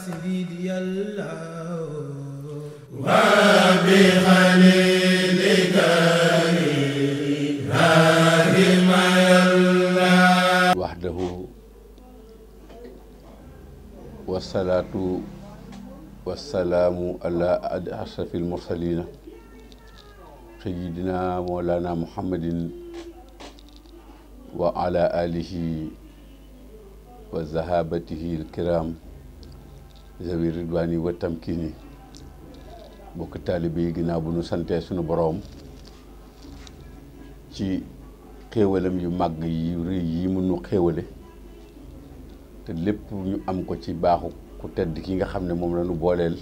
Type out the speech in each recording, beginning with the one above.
سيدي الله وبخليلك إبراهيم الله وحده والصلاة والسلام على أشرف المرسلين سيدنا مولانا محمد وعلى آله وذهابته الكرام zawi ridwaani wa tamkiini bokk taalibe yi ginnaaw bu nu santee sunu boroom ci xéewalam yu màgg yu rëy yi mu nu xéewale te lépp ñu am ko ci baaxu ku tedd ki nga xam ne moom la booleel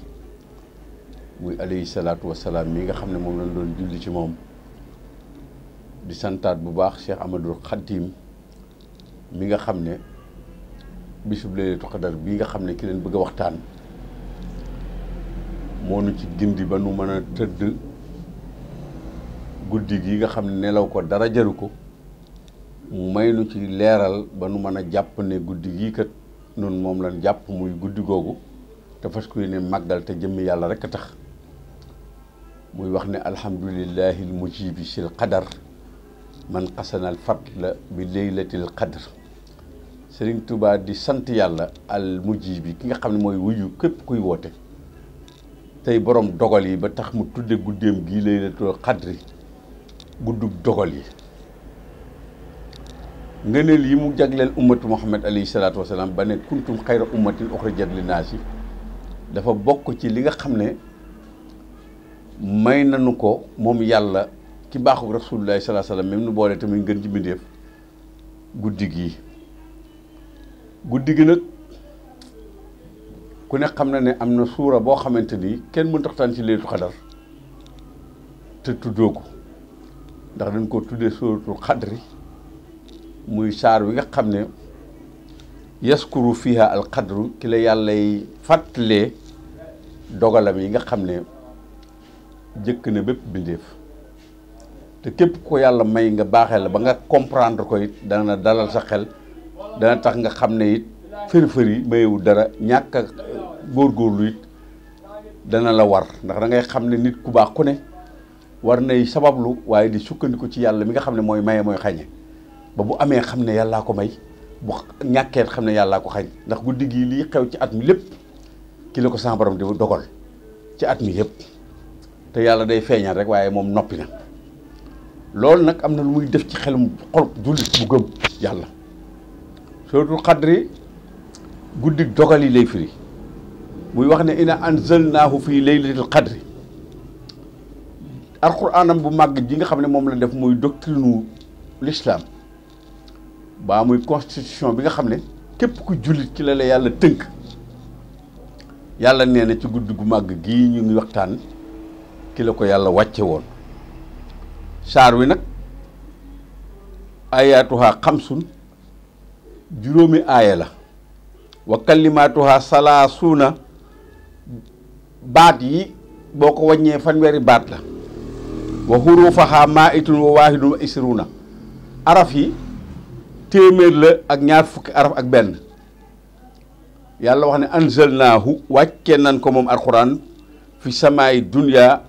muy alayhi salaatu wasalaam mi nga xam ne moom la doon julli ci moom di santaat bu baax Cheikh Amadou Khadim mi nga xam ne bisub Laylatul Qadar bii nga xam ne ki leen bëgg a waxtaan moo nu ci gindi ba nu mën a tëdd guddi gi nga xam ne nelaw ko dara jaru ko may nu ci leeral ba nu mën a jàpp ne guddi gii kat nun moom lan jàpp muy guddi googu te fas kuy ne màggal te jëmm yàlla rek a tax muy wax ne alhamdulillahi al mujibi sil qadar man xasanal fadla bi laylatil qadr Sëriñ Tuubaa di sant yàlla al mujibi ki nga xam ne mooy wuyu képp kuy woote tey boroom dogal yi ba tax mu tuddee guddeem gii laylatul xadri guddub dogal yi ngëneel yi mu jagleel ummatu muhammad alayhi salaatu wasalaam ba ne kuntum xayra ummatin uxrijat linnaas yi dafa bokk ci li nga xam ne may nanu ko moom yàlla ci baaxu rasulullahi salaa salaam même nu boole tamit ngën ci mbindéef guddi gii guddi gi nag ku ne xam na ne am na suura boo xamante ni kenn mën taxtaan ci leetu xadar te tuddoo ko ndax dañ ko tuddee suuratul xadri muy saar bi nga xam ne yaskuru fiha al xadru ki la yàllay fàttalee dogalam yi nga xam ne jëkk ne bépp bindeef te képp ko yàlla may nga baaxee la ba nga comprendre ko it dana dalal sa xel dana tax nga xam ne it fër-fër yi mayewul dara ñàkk a góorgóorlu it dana la war ndax dangay xam ne nit ku baax ku ne war nay sabablu waaye di sukkandiku ci yàlla mi nga xam ne mooy maye mooy xañe ba bu amee xam ne yàllaa ko may bu ñàkkee xam ne yàllaa ko xañ ndax guddi gi lii xew ci at mi lépp ki ko sama borom di dogal ci at mi yëpp te yàlla day feeñal rek waaye moom noppi na loolu nag am na lu muy def ci xelum xol jullit bu gëm yàlla suratul xadri guddi dogal yi lay firi muy wax ne ina anzalnaahu fii laylatul qadri alquraanam bu màgg ji nga xam ne moom la def muy doctrine l'islam baa muy constitution bi nga xam ne képp ku jullit ci la la yàlla tënk yàlla nee na ci guddi gu màgg gii ñu ngi waxtaan ki la ko yàlla wàcce woon saar wi nag ayaatuha sun juróomi aaye la wa kalimatuha salaasuuna baat yi boo ko wàññee fanweeri baat la wa xuruufaha maa itun wa waahidun wa isruuna araf yi téeméer la ak ñaar fukki araf ak benn yàlla wax ne anzalnaahu wàcce nan ko moom alquran fi samaay dunya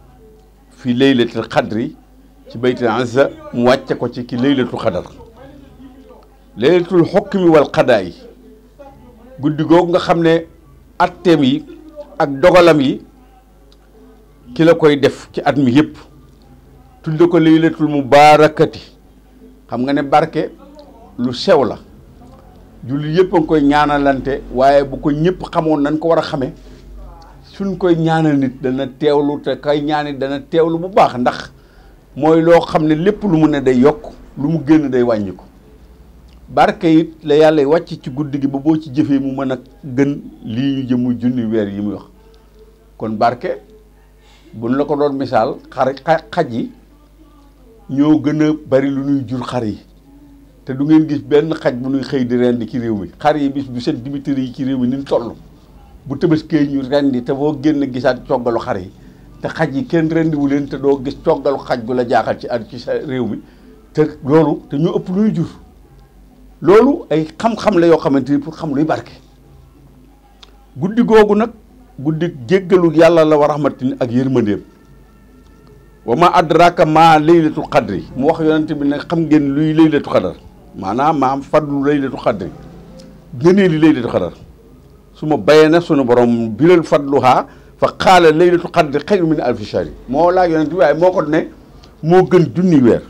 fi laylatil xadri ci baytil azza mu wàcce ko ci ki laylatul xadar laylatul xukmi wal qadaayi guddi googu nga xam ne atteem yi ak dogalam yi ki la koy def ci at mi yëpp tudde ko laylatul mubaarakati xam nga ne barke lu sew la julli yëpp a ngi koy ñaanalante waaye bu ko ñëpp xamoon nañ ko war a xamee suñ koy ñaanal nit dana teewlu te kay ñaanit dana teewlu bu baax ndax mooy loo xam ne lépp lu mu ne day yokk lu mu génn day wàññiku barke it la yàlla wàcc ci guddi gi ba boo ci jëfee mu mën a gën lii ñu jëm junni weer yi muy wax kon barke buñ la ko doon misaal xar xaj yi ñoo gën a bari lu ñuy jur xar yi te du ngeen gis benn xaj bu nuy xëy di rend ci réew mi xar yi bis bu set dimitri yi ci réew mi ni mu toll bu tabaskee ñu rendi te boo génn gisaat coggalu xar yi te xaj yi kenn rendiwu leen te doo gis coggalu xaj gu la jaaxal ci at ci sa réew mi te loolu te ñu ëpp luy jur loolu ay xam-xam la yoo xamante ni pour xam luy barke guddi googu nag guddi jéggalu yàlla la war a rahmatin ak yërmandeem wa ma adraka ma laylatul qadri mu wax yonente bi nag xam ngeen luy laylatul qadar maanaam maam fadlu laylatul qadri gënee li laylatul qadar su ma bayee na sunu borom biral fadluha fa xaala laylatul qadri xayru min alfi shahri moo laaj yonente waaye moo ko ne moo gën junni weer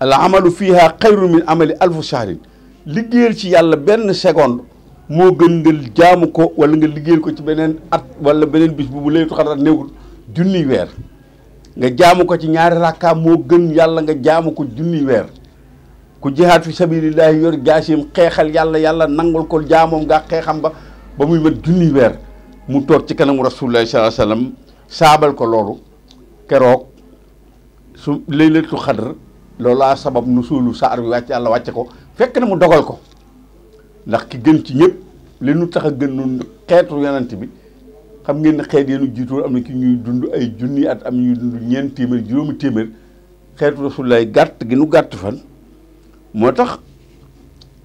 alamalu fiha xayrun min amali alfu shahrin liggéeyal ci yàlla benn seconde moo gën nga jaamu ko wala nga liggéeyal ko ci beneen at wala beneen bis bu bu laytu xadar néewul junniy weer nga jaamu ko ci ñaari rakkaa moo gën yàlla nga jaamu ko junniy weer ku jihaad fi sabilillahi yor jaasim xeexal yàlla yàlla nangul ko jaamoom nga xeexam ba ba muy mat junniy weer mu toog ci kanamu rasulullahi sallallahu alayhi wasallam saabal ko loolu keroog su laylatul xadar loolaa sabab nu suulu saar bi wàcc yàlla wàcce ko fekk na mu dogal ko ndax ki gën ci ñëpp li nu tax a gën nun xeetu yonent bi xam ngeen ne xeet yeenu jiitu am na ki ñuy dund ay junni at am ñuy dund ñeen téeméer juróomi téeméer xeetu rasulaay gàtt gi nu gàtt fan moo tax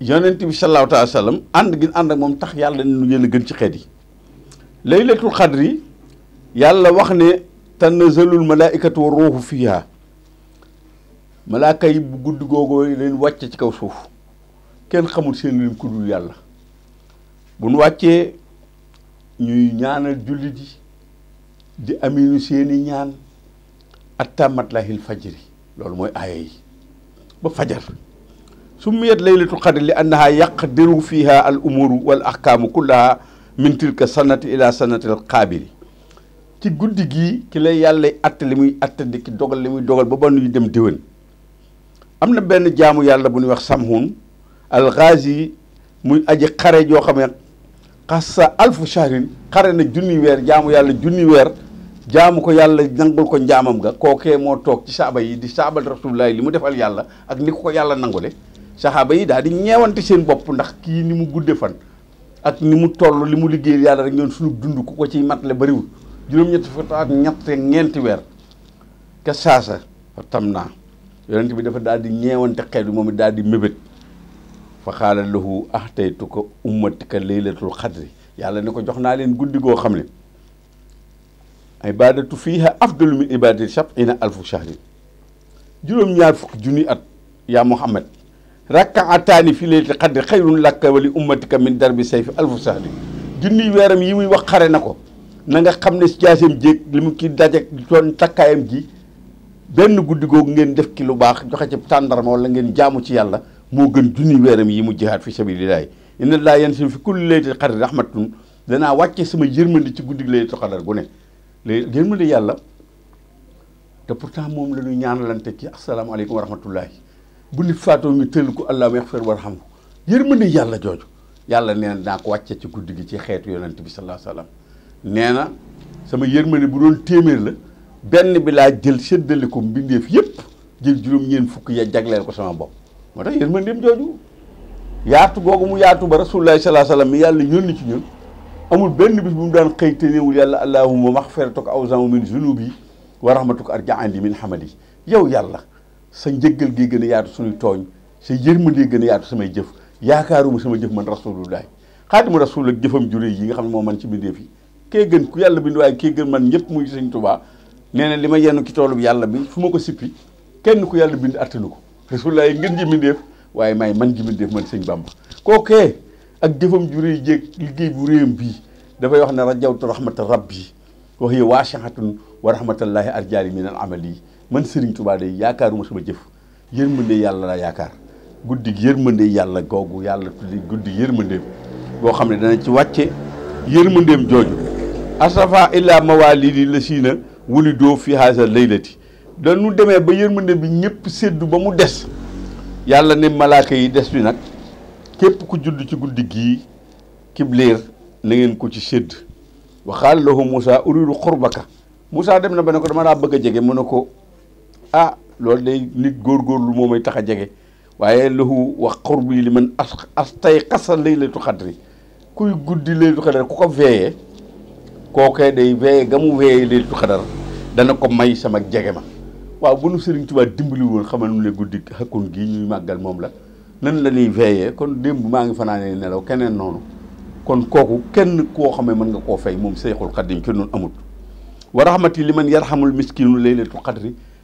yonent bi sallallahu alayhi wa sallam ànd gi ànd ak moom tax yàlla ne nu yéen gën ci xeet yi laylatul xadri yàlla wax ne tanazzalul malaikatu wa ruuhu fiha malaaka yi bu gudd googoo leen wàcce ci kaw suuf kenn xamul seen lim ku dul yàlla bu nu wàccee ñuy ñaanal jullit yi di aminu seeni ñaan attamat lahil fajri loolu mooy aaya ba fajar summiyat laylatu qadri li annaha yaqdiru fiha al umuru wal ahkaamu kullaha min tilka sanati ila sanati al qaabili ci guddi gii ci lay yàlla atte li muy atte di ki dogal li muy dogal ba ba nuy dem déwén am na benn jaamu yàlla bu ñuy wax samhun alxaazi muy aji xare joo xam ne xasa alfu shahrin xare na junni weer jaamu yàlla junni weer jaamu ko yàlla nangul ko njaamam ga kookee moo toog ci saaba yi di saabal rasulullahi li mu defal yàlla ak ni ko ko yàlla nangule saxaaba yi daal di ñeewante seen bopp ndax kii ni mu gudde fan ak ni mu toll li mu liggéey yàlla rek ñoon sunu dund ku ko ciy matale bariwul juróom-ñetti fukki ak ñett ñeenti weer ke saasa tam yonent bi dafa daal di ñeewante xel bi moom it daal di mébét fa xaalal lahu ahtaytu ko ummatika laylatul xadri yàlla ne ko jox naa leen guddi goo xam ne ibadatu fiiha afdalu min ibadati sab'ina alfu shahrin juróom-ñaar fukk junni at yaa Muhammad rakkaataani fi laylatil xadri xayrun lakka wali ummatika min darbi sayfi alfu shahrin junniy weeram yi muy wax xare na ko na nga xam ne jaaseem jéeg li mu ki daje doon takkaayam ji benn guddi googu ngeen def ci lu baax joxe ci tàndarma walla ngeen jaamu ci yàlla moo gën junni weeram yi mu jihaat fi sabilillahi inna laa yen si fi kulli laylatil qadri rahmatun danaa wàcce sama yërmande ci guddi laylatul qadar gu ne léegi yërmande yàlla te pour pourtant moom la ñuy ñaanalante ci asalaamaaleykum wa rahmatullahi bu nit faatoo ñu tëll ko allahumma yaxfir warham yërmande yàlla jooju yàlla nee na naa ko wàcce ci guddi gi ci xeetu yonent bi sallallahu alayhi nee na sama yërmande bu doon téeméer la benn bi laa jël séddale ko mbindeef yëpp jël juróom-ñeent fukk ya jagleel ko sama bopp moo tax yërmandeem jooju yaatu googu mu yaatu ba rasulullah sallallahu alayhi wasallam mi yàlla yónni ci ñun amul benn bis bu mu daan xëy te néewul yàlla allahumma maxfiratuka awzamu min zunubi wa rahmatuka arja'andi min hamali yow yàlla sa njëggal gi gën a yaatu suñuy tooñ sa yërmandee gën a yaatu samay jëf yaakaaruma sama jëf man rasulullah xaatimu rasul ak jëfam jure yi nga xam ne moo man ci mbindeef yi kee gën ku yàlla bind waaye kee gën man ñëpp mu sëñ nee na li ma yenn ci toolub yàlla bi fu ma ko sippi kenn ku yàlla bind attanu ko rasulullah yi ngeen ji mbindeef waaye maay man ji mbindeef man sëñ Bamba kookee ak jëfam ju rëy jéeg liggéey bu réyam bii dafay wax ne rajawtu rahmata rabbi wax yi waa waasihatun wa rahmatallahi arjaali min al amali man Serigne Touba day yaakaaruma sama jëf yërmande yàlla laa yaakaar guddi gi yërmande yàlla googu yàlla tuddi guddi yërmandeem boo xam ne dana ci wàcce yër jooju asafa illa wulidoo fi haasa laylati dañu demee ba yërmande bi ñëpp séddu ba mu des yàlla ne malaaka yi des bi nag képp ku judd ci guddi gii kibliir na ngeen ko ci sédd waxaal lahu Moussa uridu xurbaka Moussa dem na ba ne ko dama laa bëgg a jege mu ne ko ah loolu day nit góorlu moo may tax a jege waaye lahu wax xurbi li man as as tey xasa laylatu xadri kuy guddi laylatu xadri ku ko veeyee kookee day veillé ga mu veillé Laylatul Qadr dana ko may sama jege ma waaw bu nu Serigne Touba dimbali woon xamal nu ne guddi xakkun gii ñuy màggal moom la nan la ñuy veillé kon démb maa ngi fanaanee nelaw keneen noonu kon kooku kenn koo xamee mën nga koo fay moom Seexul Xadim ci noonu amut wa rahmati li man yarhamul miskinu Laylatul Qadr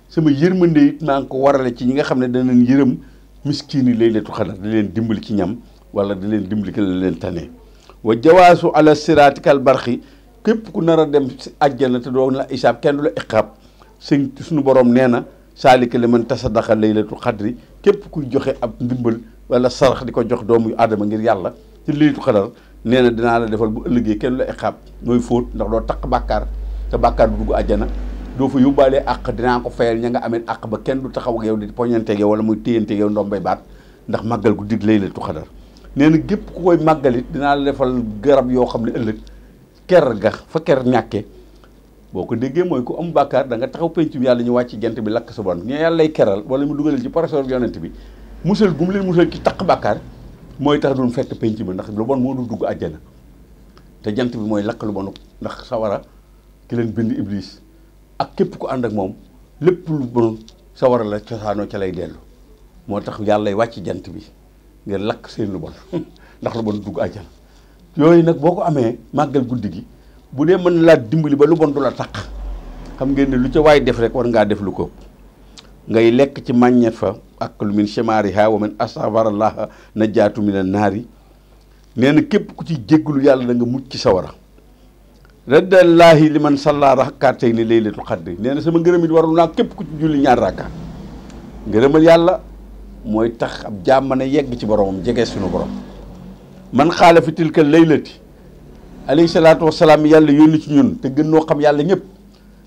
sama yërmande it maa ngi ko warale ci ñi nga xam ne danañ yërëm miskini Laylatul Qadr di leen dimbali ci ñam wala da leen dimbali ci la leen tane wa jawaasu ala siraatikal barxi kip ku dem si àjjana te doo la isaab kenn lu la sing sëñ suñu borom neena na saalika li man tasadaqa laylatul xadri kep kuy joxe ab ndimbal wala sarax di ko jox doomu adama ngir yalla ci laylatul xadar neena na la defal bu ëllëgee kenn lu la moy foot ndax do tak bakkar te bakkar du dugg àjjana do fa yóbbaalee ak dina ko fayal ña nga ak àq ba kenn du taxaw ak yow di poñanteeg yow wala muy téyanteeg yow ndom bay baat ndax magal gu dig laylatul xadar neena na ku koy magali dina la defal garab yo xamni ne ker ga fa ker ñaké boko déggé moy ku am bakkar da nga taxaw pencum yalla ñu wacc gënt bi lak sa bon ñu yàlla lay keral wala mu duggal ci professeur yonent bi bu mu leen musal ci tak bakkar moy tax duñ fekk pencum bi ndax lu bon mo do dugg aljana te jant bi moy lak lu bon ndax sawara ki leen bind iblis ak képp ku and ak mom lepp lu bon sawara la cosaanoo ci lay dellu motax yalla lay wacc jant bi ngir lak seen lu bon ndax lu bon dugg aljana yooyu nak boko ame, amee màggal guddi gi bu dee mën dimbali ba lu bon dula tak xam ngeen lu ci way def rek war nga def lu ko ngay lek ci fa ak lu min chemariha wa min asabarallaha najatu min an nari neena kep ku ci jégglu yalla da nga mucc ci sawara radallaahi liman salla rakatayn laylatul qadr neena sama ngërëm it waru na kep ku ci julli ñaar rakka ngërëmal yalla moy tax ab jamana yegg ci borom jege suñu borom من خالف تلك الليلة عليه الصلاة والسلام يالا يوني سي نيون تي گنو خم يالا نيب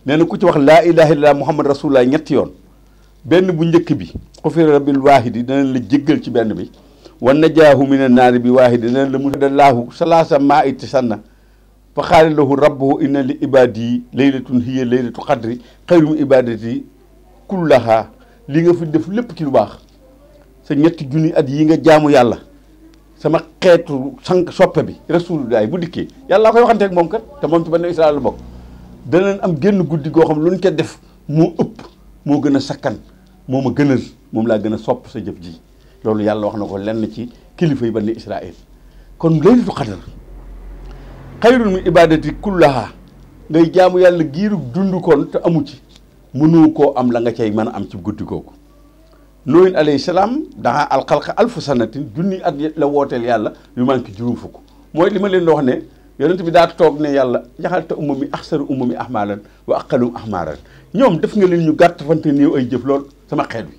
نانا كو واخ لا اله الا محمد رسول الله نيت يون بن بو نديك بي قفر رب الواحد نانا لا جيگل سي بن بي ونجاه من النار بواحد نانا لمد الله ثلاث ما اتسنا فقال له ربه ان لعبادي ليله هي ليله قدري خير من عبادتي كلها ليغا في ديف لب كي لو باخ سي نيت جوني ات ييغا جامو يالا sama xeetu sànq soppe bi rasulullah bu dikkee yàlla koy waxanteeg moom kat te moom ci Bani Israël la bokk danañ am génn guddi goo xam lu ñu ca def moo ëpp moo gën a sakkan moo ma gënal moom laa gën a sopp sa jëf ji loolu yàlla wax na ko lenn ci kilifa yi bann Israël kon laylatul xadar xayrun min ibadati kullaha ngay jaamu yàlla giirug dund kon te amu ci mënoo koo am la nga cay mën a am ci guddi googu نوين علي سلام دعا الخلق ألف سنة جني أد لوات يالا يمانك جروم فوق موي لما لين نوح يرنت بدا توق نه يالا يحال تا أمومي أحمالا وأقل أحمالا نيوم دف لين يغات فانتين نيو أي جف سما خيروي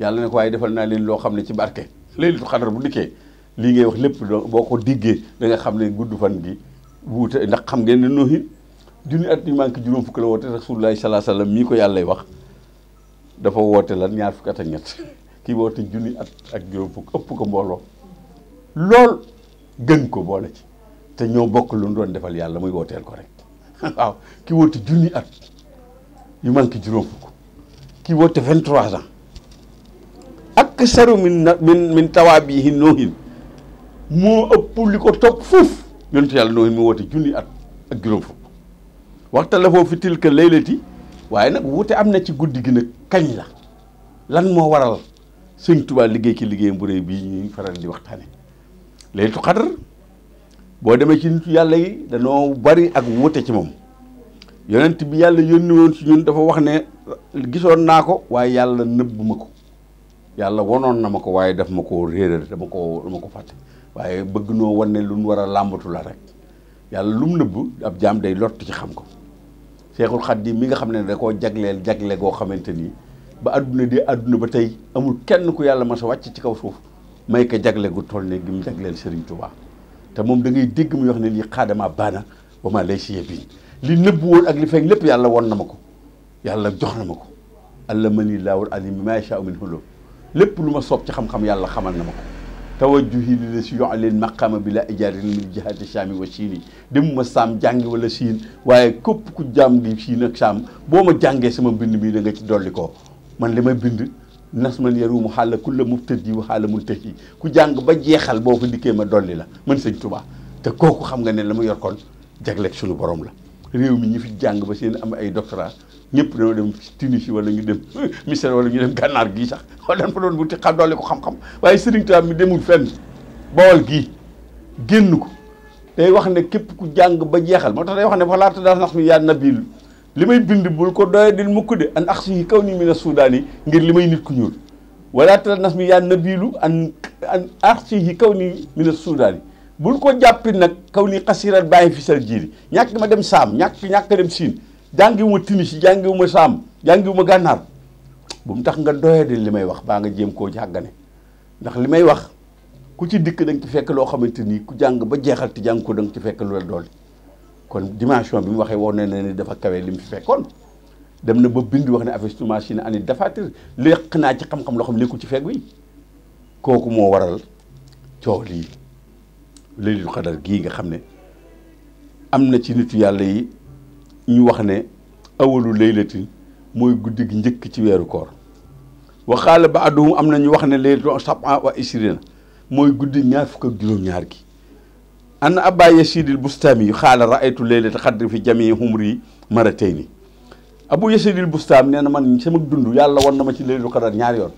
يالا نكو أي دفل لين لو خم نتي باركة ليل تخدر بديكي لينجي وخلب بوكو ديجي لين خم نه جودو فانجي بوت نك خم نوهين جني أد يمانك جروم فوق لوات رسول الله صلى الله عليه وسلم ميكو يالا يبخ dafa woote lan ñaar fukk at ak ñett kii woote junni at ak juróom fukk ëpp ko mbooloo lool gën ko boole ci te ñoo bokk lu ñu doon defal yàlla muy wooteel ko rek waaw ki woote junni at yu manqué juróom fukk ki woote vingt-trois ans ak saru min min min tawaabihi noohin moo ëpp li ko topp foofu yonentu yàlla noohin mu woote junni at ak juróom fukk waxta la foofu fi tilka laylati waaye nag wuute am na ci guddi gi nag kañ la lan moo waral sëñ Tuubaa liggéey ci liggéeyam bu rëy bii ñuy faral di waxtaane laylatul xadar boo demee ci nitu yàlla yi danoo bari ak wuute ci moom yonent bi yàlla yónni woon si ñu dafa wax ne gisoon naa ko waaye yàlla nëbbu ma ko yàlla wonoon na ma ko waaye daf ma ko réeral dama ko dama ko fàtte waaye bëgg noo wan ne lu mu war a làmbatu la rek yàlla lu mu nëbb ab jaam day lott ci xam ko Cheikhul Khadim mi nga xam ne da koo jagleel jagle goo xamante ni ba adduna di adduna ba tey amul kenn ku yàlla mas a wàcc ci kaw suuf may ko jagle gu toll ne gi mu jagleel Serigne Touba te moom dangay dégg mu yox ne lii xaadama baana ba ma lay siyee bii li nëbb woon ak li feeñ lépp yàlla won na ma ko yàlla jox na ma ko allah mani laawul alim maa sha min hulum lépp lu ma soob ci xam-xam yàlla xamal na ma ko tawajjuhi li la si yoxleel maqama bi la ijaarin min jihaati saami wa siini ma saam jàngi wala siin waaye képp ku jaam di siin ak saam boo ma jàngee sama mbind mi da nga ci dolli ko man li may bind nas man yarumu xaala kulla mubtadi wa xaala muntahi ku jàng ba jeexal boo ko dikkee ma dolli la mën sëñ Tuubaa te kooku xam nga ne la mu yor kon sunu borom la réew mi ñu fi jàng ba seen am ay doctorat ñepp dañoo dem tinisi wala ngi dem misel wala ñu dem ganar gi sax wala dañ fa doon wuti xam doole ko xam-xam waye Serigne Touba mi demul fenn bool gi genn ko day wax ne képp ku jàng ba jeexal moo tax day wax ne walaata daal nax mi yaa nabil li may bind bul ko doye din mukk de an ax yi kaw ni mi ngir li may nit ku ñuul walaata nas mi yaa nabil an an ax kaw ni mi na bul ko jappi nak kaw ni xasirat fi sal jiri ñak ma dem ñak dem jàngiwuma Tunisie jàngiwuma Saam jàngiwuma gànnaar bu mu tax nga doyee li may wax baa nga jéem koo jàggane ndax li may wax ku ci dikk da nga ci fekk loo xamante ni ku jàng ba jeexal te jàng ko da ci fekk lu la dool kon dimension bi mu waxee woon na ne dafa kawe li mu fi fekkoon dem na ba bind wax ne afistu machine ani dafatir léq naa ci xam-xam loo xam nekkul ci fekk wi kooku moo waral coow lii Laylatul Qadr gii nga xam ne am na ci nitu yàlla yi ñu wax ne awalu laylatin mooy guddi gi njëkk ci weeru koor waxaale ba àdduhum am na ñu wax ne laylatu sab'a wa ishrina mooy guddi ñaar fukk ak juróom-ñaar gi an abaa yasidil bustaami yi xaala raaytu laylata xadri fi jamii humri maratayni abu yasidil bustaam nee na man sama dund yàlla won na ma ci laylatu xadar ñaar yoon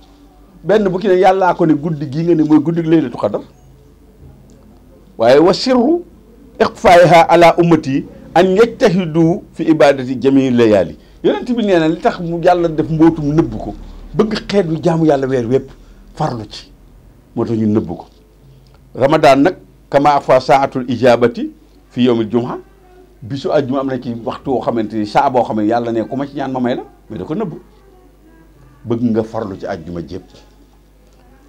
benn bu yàllaa ko ne guddi gii nga ne mooy guddi laylatu xadar waaye wa sirru iqfaayiha ala ummati an yajtahidu fi ibadati jamii layaali ne bi nee na li tax mu yàlla def mbootum nëbbu ko bëgg xeet wi jaamu yàlla weer wépp farlu ci moo tax ñu nëbb ko ramadaan nag kama afa saatul ijabati fi yowmil jumaa bisu àjjuma am na ci waxtu woo xamante ni saa boo xam ne yàlla ne ku ma ci ñaan ma may la mais da ko nëbb bëgg nga farlu ci àjjuma jépp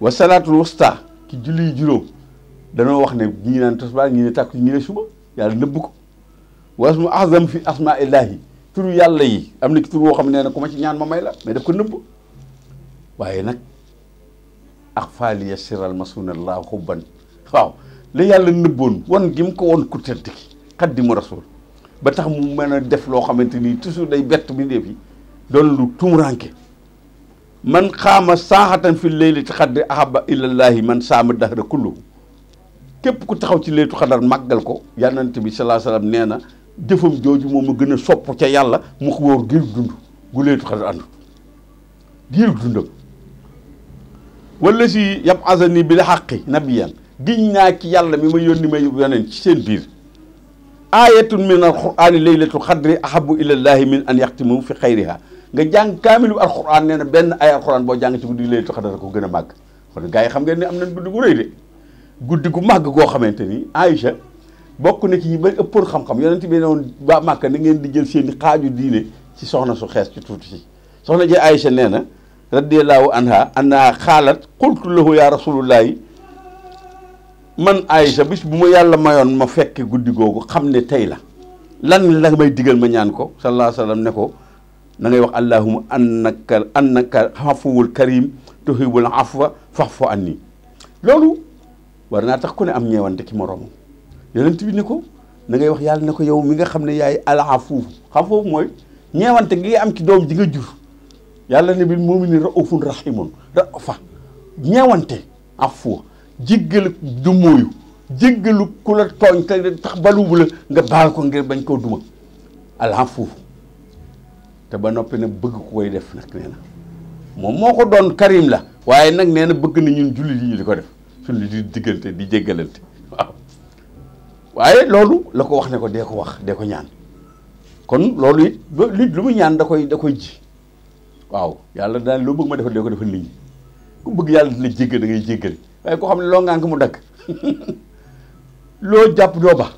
wa salaatul wusta julli juróom danoo wax ne ñi naan tisbaar ñi ne tàkku suba yàlla nëbb ko واسم اعظم في اسماء الله تورو يالا يي امنا تورو أنا خامني نكو ماشي نيان ماماي لا مي داف كو نوب وايي نك اخفال يسر المسون الله حبا واو لا يالا نوبون وون جيم كو وون كوتل تي قدم رسول با تخ مو مانا ديف لو خامتيني توسو داي بيت بي ديفي دون لو تومرانكي من قام ساحة في الليل تخد أحب إلى الله من سام الدهر كله كيف كنت تخوتي ليلة تخدر مقل كو يعني أنت بي صلى الله عليه وسلم نينا defum joju momu gëna sopp ci yàlla mu ko wor gir dund gu leetu xal ànd gir dundam wala si yab azani bil la nabiyan giñ na ci yàlla mi ma yoni may yoneen ci seen bir ayatun min alqurani laylatul xadri ahabu allah min an yaqtimu fi khayriha nga jàng kamilu alquran nee na benn ay alquran bo jàng ci guddi laylatul xadar ko gëna mag màgg kon gars xam ngeen ni am nañ guddi gu reey de guddigu mag go xamanteni aisha bokk na ci yi ba ëppoon xam-xam yonent bi ne woon ba màkka na ngeen di jël seen xaaju diine si soxna su xees ci tuuti si soxna ji Aïcha nee na radiallahu anha annaha xaalat qultu lahu ya man Aïcha bis bu ma yàlla mayoon ma fekk guddi googu xam ne tey la lan la may digal ma ñaan ko sallallahu alayhi wa ne ko na ngay wax allahuma annaka annaka afuwul karim tuhibbul afwa fa'fu anni loolu war naa tax ku ne am ñeewante ki moroomam yonent bi ne ko na ngay wax yàlla ne ko yow mi nga xam ne yaay alaafu xam foofu mooy ñeewante nga am ci doom ji nga jur yàlla ne bil mu'miniina ra'uufun rahiimun ra'uufa ñeewante afu jéggal du mooyu jéggalu ku tooñ te tax balubu nga baal ko ngir bañ koo duma fuufu te ba noppi ne bëgg ku koy def nag nee moom moo ko doon karim la waaye nag nee na bëgg na ñun jullit yi di ko def suñu di diggante di jéggalante waaye loolu la ko wax ne ko dee ko wax de ko ñaan kon loolu it nit lu mu ñaan da koy da koy ji waaw yàlla daal loo bëgg ma defal dee ko defal nit ku bëgg yàlla di la jéggal da ngay jéggal waaye koo xam ne loo ngànk mu dagg loo jàpp doo ba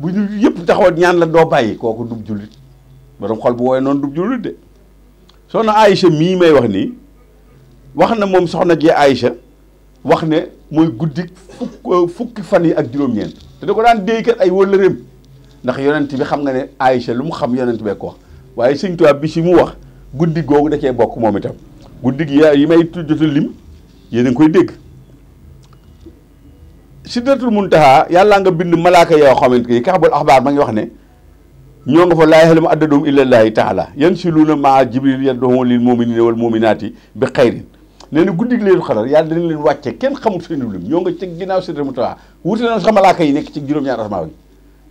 bu ñu yëpp taxaw ñaan la doo bàyyi kooku dub jullit borom xol bu wooyee noonu dub jullit de soxna Aïcha mii may wax nii wax na moom soxna jee Aïcha wax ne mooy guddi euh, fukki fan yi ak juróom-ñeent te da ko daan déykat ay wëllëreem ndax yonent bi xam nga ne Aïcha lu mu xam yonent bee ko wax waaye Sëñ Tuubaa bi si mu wax guddi googu da cee bokk moom itam guddi gi yi may jotul lim yéen a ngi koy dégg sidratul muntaha yàllaa nga bind malaaka yoo xamante ni kaxabul axbaar ma ngi wax ne ñoo nga fa laa yaxlamu addadoom illallaahi taala yan si lu na maa jibril yadoon lil muminina wal muminaati bi xayrin nee na guddig leen xadar yàlla dana leen wàcce kenn xamul seen lim ñoo nga ci ginnaaw seen remouta wuute na sax malaaka yi nekk ci juróom-ñaar asmaan yi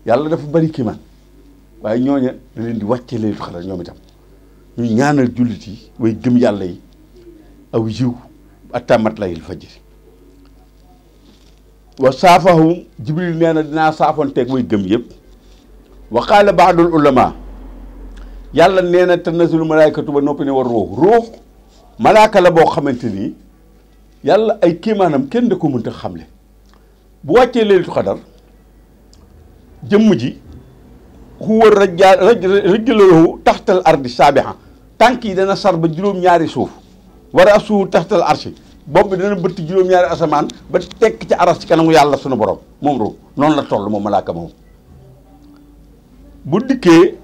yàlla dafa bari kiimaan waaye ñooña da di wàcce leen xadar ñoom itam ñuy ñaanal yi way gëm yàlla aw yiw attamat layil wa saafahum jibril nee na dinaa saafonteeg way gëm yëpp wa qaala baadul ulama yàlla nee na tanazul malaykatu ba noppi ne war ruux malaaka la boo xamante ni yàlla ay kéemaanam kenn da ko mënta xamle bu wàccee leelitu xadar jëmm ji xuwa raja rëjjëlalahu taxtal ardi saabiha tànk yi dana sar ba juróom-ñaari suuf war a suuf taxtal arsi bopp bi dana bëtt juróom-ñaari asamaan ba tekk ci aras ci kanamu yàlla sunu borom moom ruum noonu la toll moom malaaka moom bu dikkee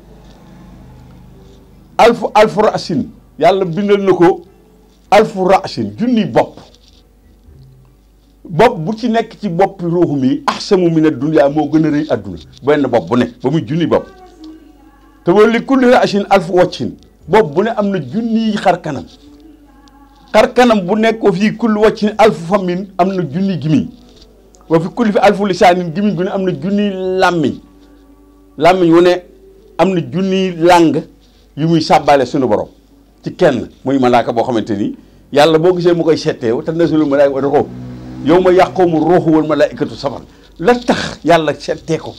alfu alfu rasin yàlla bindal na ko alfu rachin junni bopp bopp bu ci nekk ci boppi ruuxu mi axsamu min ad dunya moo gën a rëy adduna benn bopp bu ne ba muy junni bopp te wala li kulli rachin alfu waccin bopp bu ne am na junniy xar kanam xar kanam bu nekk wa fii kulli waccin alfu famin am na junni gimiñ wa fi kulli fi alfu lisaanin gimiñ gu ne am na junniy làmmiñ làmmiñ wu ne am na junni làng yu muy sàbbaale sunu borom ci kenn muy malaaka boo xamante ni yàlla boo gisee mu koy setteew te na malaaka wata ko yow ma yàqoo mu ruuxu woon malaa'ikatu safar la tax yàlla settee ko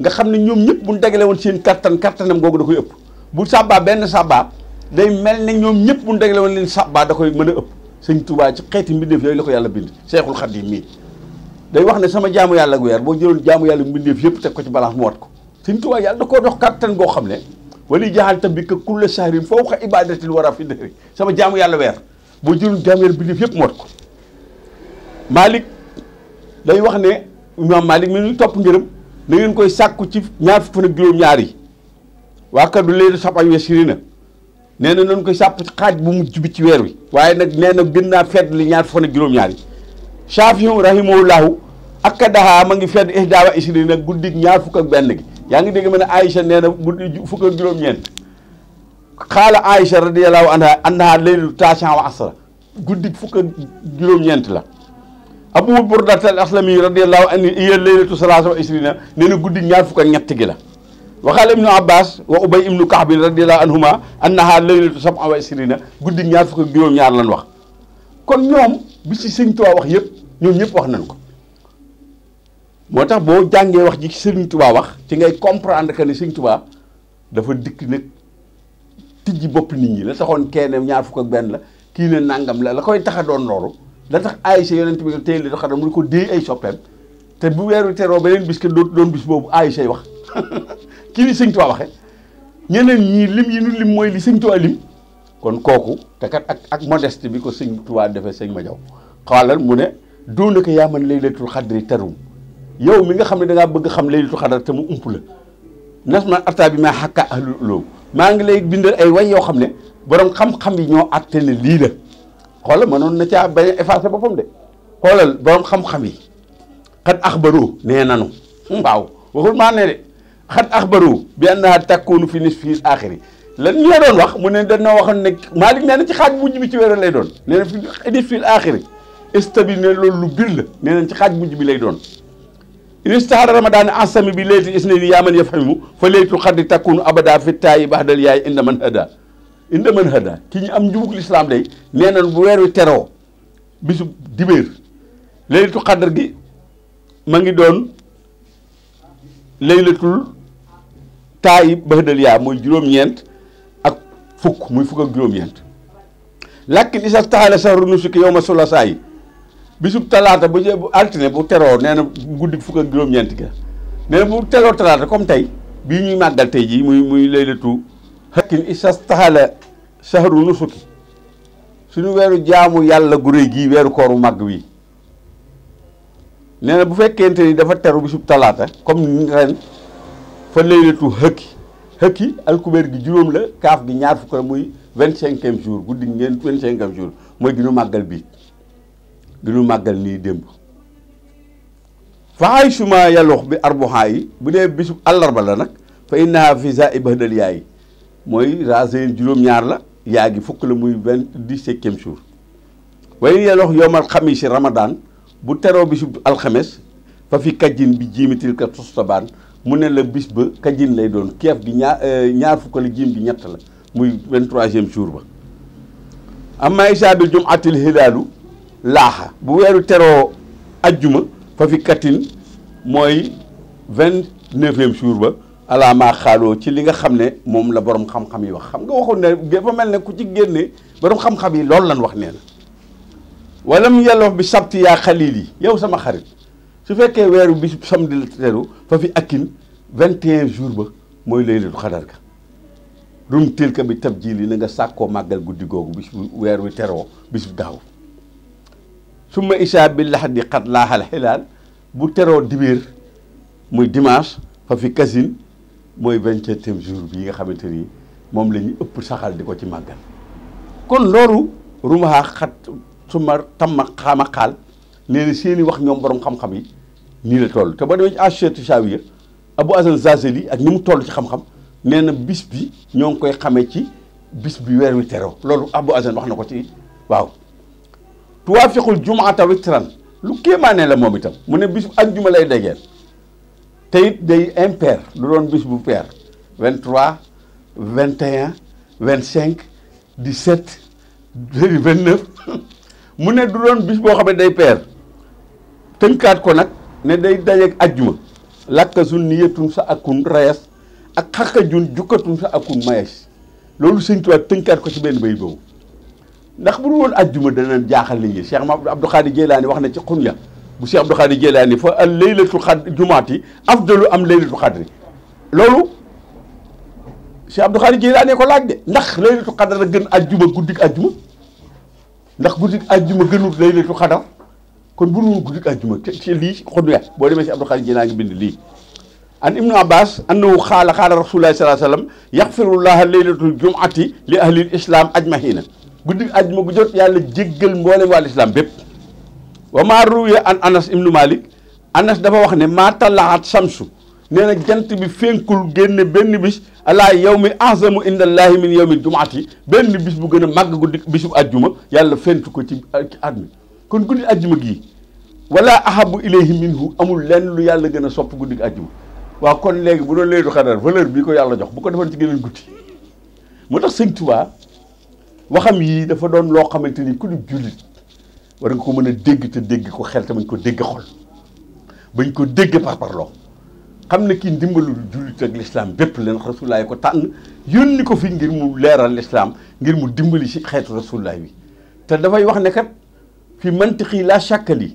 nga xam ne ñoom ñëpp bu ñu woon seen kattan kattanam googu da koy ëpp bu sàbbaa benn sàbbaa day mel ne ñoom ñëpp bu ñu woon leen sàbbaa da koy mën a ëpp sëñ Tuubaa ci xeeti mbindeef ko yàlla bind Seexul Xadiim mii day wax ne sama jaamu yàlla ak boo jëloon jaamu yàlla mbindeef yëpp teg ko ci balaa mu wat ko sëñ Tuubaa yàlla da koo dox kattan goo xam ne wali jaxal tam bi que kulle sahrin fawqa ibadatil a fi dëri sama jaamu yàlla weer boo jëloon jaamu yàlla bindéef yëpp moot ko Malick day wax ne imaam Malick mi ñu topp ngërëm da koy sàkku ci ñaar fukki fan ak juróom-ñaar yi waa kaddu léegi na nee na noonu koy xaaj bu mujj bi ci weer wi waaye nag nee na gën naa fedd li ñaar fukki fan ak juróom-ñaar yi Shafiu rahimahullahu ak kadaha ma ngi fedd ihdaa wa isri nag guddig ñaar fukk ak benn gi yaa ngi dégg ma ne Aïcha nee na mu fukk ak juróom-ñeent xaala Aïcha radiyallahu anha annaha laylu taashan wa asra guddi fukk ak ñeent la Abu Burdat al Aslami radiyallahu anhu iya laylatu salaasa wa isrina nee na ñaar fukk ak ñett gi la waxaala ibnu abbas wa ubay ibnu kaxbin radiallahu anhuma annaha laylatu sab'a wa isrina guddi ñaar fukk ak ñaar lan wax kon ñoom bi si sëñ wax yëpp ñoom ñëpp wax nañ ko moo tax boo jàngee wax ji sëñ tubaa wax ci ngay comprendre que ne Serigne Touba dafa dikk nag tijji bopp nit ñi la taxoon kenn ñaar fukk ak benn la kii ne nangam la la koy taxa doon loolu la tax Aïcha yonent bi tey li tax a mu ko déey ay soppeem te bu weeru teroo beneen bis que doon bis boobu Aïcha wax kii li Serigne waxee ñeneen ñii lim yi nu mooy li Serigne Touba lim kon kooku te ak ak modeste bi ko Serigne Touba defee Serigne Madiaw xawalal mu ne doon na ko yaa man laylatul xadri tarum yow mi nga xam ne da ngaa bëgg xam laylatul xadar te mu ump la nas ma arta bi maa xàkka ahlul ulum maa ngi lay bindal ay way yoo xam ne borom xam-xam yi ñoo àtte ne lii la xoolal mënoon na caa bañ a effacé boppam de xoolal borom xam-xam yi xat axbaru nee nanu waaw waxul maa ne de xat axbaru bi annaha takkuunu fi nisfil axiri lan ñoo doon wax mu ne dañoo waxoon ne Malick nee na ci xaaj bu mujj bi ci weeru lay doon nee na fi nisfil axiri istabil ne loolu lu bir la nee na ci xaaj bu mujj bi lay doon istahara ramadaan asami bi laylati isnayni yaa man yafhamu fa laytu xaddi takkuunu abada fi taayi baxdal yaay inda man hada inda man hada ki ñu am njubug lislaam day nee nañ bu weer wi teroo bisu dibéer laylatu xadar gi ngi doon laylatul taayi baxdal yaa juróom-ñeent ak fukk muy fukk ak juróom-ñeent lakkin isas sa saxru nusuki yow ma sula bisub talaata bu jë bu altine bu teroo nee na guddi fukk ak juróom-ñeent ga nee na bu teroo talaata comme tey bii ñuy màggal tey jii muy muy leylatu hakkin isas taxala sahru nusuki suñu weeru jaamu yàlla gu réy gii weeru kooru mag wi nee na bu fekkente ni dafa teru bisub talaata comme ren fa laylatu hëkki hëkki alkubeer gi juróom la kaaf gi ñaar fukk la muy vingt cinquième jour guddi ngeen vingt cinquième jour mooy ginu màggal bi du ñu màggal nii démb faxaay suma yaloox bi arboxaa yi bu dee bisu àllarba la nag fa innaha fi sa ibadal yaay mooy raser juróom-ñaar la yaa gi fukk la muy vingt dix-septième jour way yaloox yowmal xamisi ramadan bu teroo bisu alxames fa fi kajjin bi jiimitil ka tostabaan mu ne la bis ba kajjin lay doon keef gi ñaar euh, ñaar fukk la jiim gi ñett la muy vingt-troisième jour ba amma isaabil jum atil hilaalu laaxa bu weeru teroo ajjuma fa fi katin mooy vingt-neuvième jour ba alaa maa xaaloo ci li nga xam ne moom la borom xam-xam yi wax xam nga waxul ne dafa mel ne ku ci génne boroom xam-xam yi loolu lan wax nee na walam yellof bi sabti yaa xalil yi yow sama xarit su fekkee weeru bi samedi la teru fa fi akkin vingt et un jours ba mooy laylatu xadar ga rum tilka bi tab ji li na nga sàkkoo màggal guddi googu bis weer wi teroo bisib bu daaw summa isaa bi laxdi xat laaxal xilaal bu teroo dibéer muy dimanche fa fi kasin mooy vingt-septième jour bi nga xamante ni moom la ñu ëpp saxal di ko ci màggal kon loolu rumahaa xat suma tamma xaama xaal nee na seeni wax ñoom borom xam-xam yi nii la toll te ba demee ci achetu saawiya abu asan zazeli ak ni mu toll ci xam-xam nee na bis bi ñoo ngi koy xamee ci bis bi weer wi teroo loolu abu asan wax na ko ci waaw tuwaafiqul jumaata witran lu kéemaane la moom itam mu ne bis bu ajjuma lay degeel te it day impair du doon bis bu pair 23 21 25 17 29 mu ne du doon bis boo xam ne day pair tënkaat ko nag ne day dajeeg ajjuma lakka sun niyatun sa akun rayas ak xaqajun jukkatun sa akun mayas loolu sëñ Tuubaa tënkaat ko ci benn bay boobu ndax bu dul woon ajjuma danañ jaaxal nit ñi Cheikh Abdou Khadre Jeylaani wax na ci xunya bu Cheikh Abdou Khadre Jeylaani fa al laylatul xadr jumaati afdalu am laylatul xadri loolu Cheikh Abdou Khadre Jeylaani ko laaj de ndax laylatul xadr la gën ajjuma guddik ajjuma ndax guddik ajjuma gënul laylatul xadr kon bu dul guddik ajjuma ci lii xunya boo demee si Abdou Khadre Jeylaani bind lii an ibnu abbas annahu xaala xaala rasulullahi sallallahu alayhi wa sallam yaxfirullah laylatul jumati li ahlil islam ajmahina guddi àjjuma gu jot yàlla jéggal mboolem waa lislaam bépp wa maa ruwiya an anas ibnu malik anas dafa wax ne maa talaxat samsu nee na jant bi fénkul génne benn bis alaa yawmi azamu indallahi min yawmi jumaati benn bis bu gën a màgg guddi bisub àjjuma yàlla fentu ko ci at mi kon guddi àjjuma gii wala ahabu ilayhi minhu amul lenn lu yàlla gën a sopp guddi àjjuma waa kon léegi bu doon laytu xadar valeur bi ko yàlla jox bu ko defoon ci gëneen guddi moo tax sëñ Tuubaa waxam yii dafa doon loo xamante ni ku di jullit war nga ko mën a dégg te dégg ko xel te bañ ko dégg xol bañ ko dégg par parloo xam ne kii ndimbalu jullit ak lislaam bépp leen rasulaay ko tànn yónni ko fi ngir mu leeral lislaam ngir mu dimbali si xeetu rasulaay wi te dafay wax ne kat fi mantiqi laa shàkkali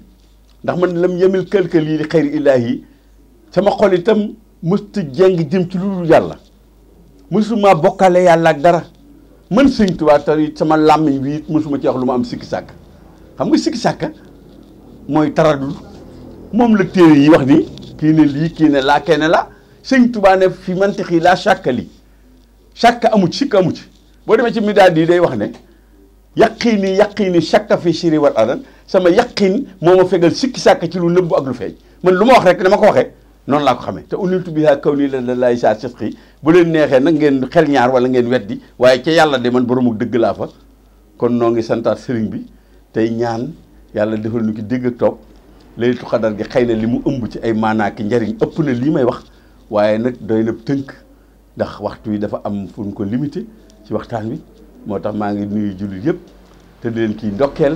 ndax man lam yemil këlkël yi li xayri ilaahi sama xol itam mësta jeng jëm ci lu dul yàlla mësuma bokkale yàlla ak dara man sëñ Tuubaa te sama làmmiñ wi it ci wax lu ma am sikki sàkk xam nga sikki sàkk mooy taradul moom la téere yi wax ni kii ne lii kii ne laa kene la sëñ Tuubaa ne fi mantix yi laa sàkk lii sàkk amu ci sikk amu boo demee ci midaad yi day wax ne yaqiini yaqiini sàkk fi siri wal adan sama yaqiin moo ma fegal sikki sàkk ci lu nëbbu ak lu feeñ man lu ma wax rek dama ko waxee noonu laa ko xamee te uniltu biha kaw nii la la laay saa sëqi bu leen neexee nag ngeen xel ñaar wala ngeen weddi waaye ca yàlla de man boroomu dëgg laa fa kon noo ngi santaat sëriñ bi tey ñaan yàlla defal nu ki dégg toog topp laylatul gi xëy na li mu ëmb ci ay maanaaki njariñ ëpp na lii may wax waaye nag doy na tënk ndax waxtu wi dafa am fu ñu ko limité ci waxtaan wi moo tax maa ngi nuyu jullit yëpp te leen kii ndokkeel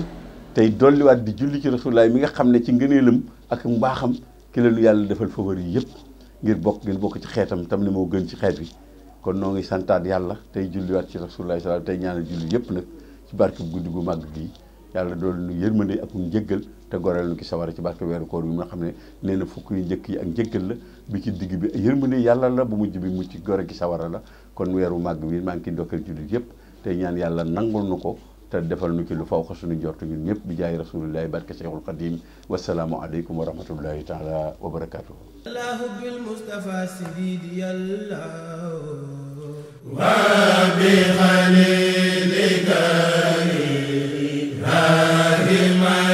tey dolliwaat di julli ci rasulaay mi nga xam ne ci ngëneelam ak mbaaxam ki la nu yàlla defal favori yi yëpp ngir bokk ngeen bokk ci xeetam tam ne moo gën ci xeet bi kon noo ngi santaat yàlla tey julliwaat ci rasulullah salaam tey ñaanal julli yëpp nag ci barke guddi gu màgg gii yàlla doolu nu yërmande ak njëggal te goreel nu ki sawara ci barke weeru koor bi nga xam ne nee na fukk yu njëkk yi ak njëggal la bi ci digg bi yërmande yàlla la bu mujj bi mucc gore ki sawara la kon weeru màgg bi maa ngi ciy ndokkeel jullit yëpp tey ñaan yàlla nangul nu ko te defal nu ci lu faw xasuñu jortu ñun ñëpp bi jaay rasulillahi barke cheikhul qadim wasalaamu aleykum wa rahmatullahi taala wa barakatuhu الله بالمصطفى سيدي الله وبخليلك إبراهيم